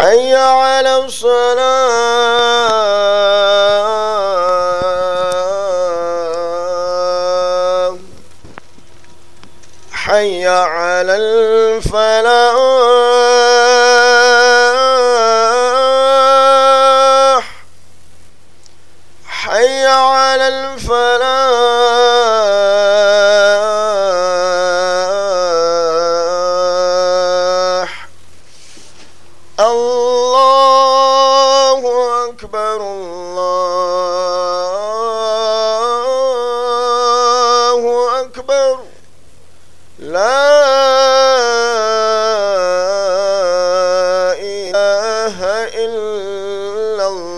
حي على الصلاة حي على الفلاح حي على الفلاح أكبر الله أكبر لا إله إلا الله